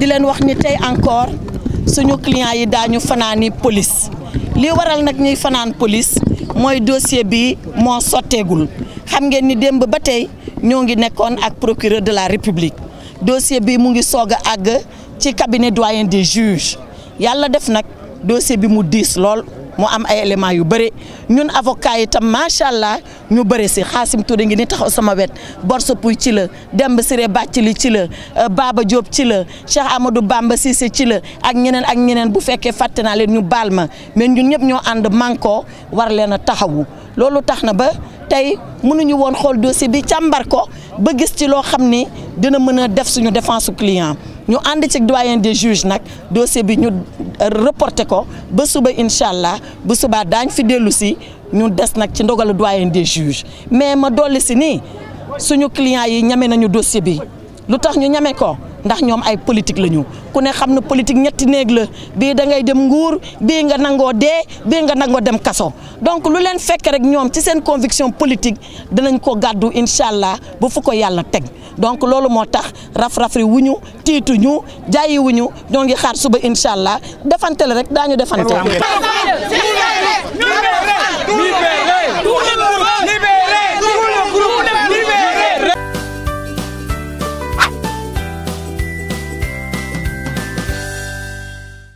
di leen wax ni tey encore suñu clients yi daañu fanaani police li waral nag ñuy fanaan police mooy dossier bi moo sotteegul xam ngeen ni démb ba tey ñoo ngi nekkoon ak procureur de la république dossier bi mu ngi soog a àgg ci cabinet doyen des juges yàlla def nag dossier bi mu diis lool. mu am ay éléments yu bëri ñun avocat yi tam macha allah ñu bëri si Xaasim Touré ngi ni taxaw sama wet Borso Pouy ci la Demba Siré Bathily ci la euh, Baba Diop ci la Cheikh Amadou Bamba Cissé ci la ak ñeneen ak ñeneen bu fekkee fàtte naa leen ñu baal ma mais ñun ñëpp ñoo ànd manko war leen a taxawu loolu tax na ba tey mënuñu woon xool dossier bi càmbar ko ba gis ci loo xam ni dina mën a def suñu défense client ñu ànd ci doyen des juges nag dossier bi ñu euh, reporté ko ba suba incha allah ba subaa daañ fi dellu si ñu des nag ci ndogalu doyen des juges mais ma dolli si nii suñu client yi ñame nañu dossier bi lu tax ñu ñame ko. ndax ñoom ay politique la ñu ku ne xam na politique ñetti néeg la bii da ngay dem nguur bii nga nangoo dee bii nga nangoo dem kaso donc lu leen fekk rek ñoom ci seen conviction politique dinañ ko gàddu incha allah bu fu ko yàlla teg donc loolu moo tax raf wu ñu tiitu ñu jaayi wuñu ñoo ngi xaar suba incha allah defante la rek daa daañu defante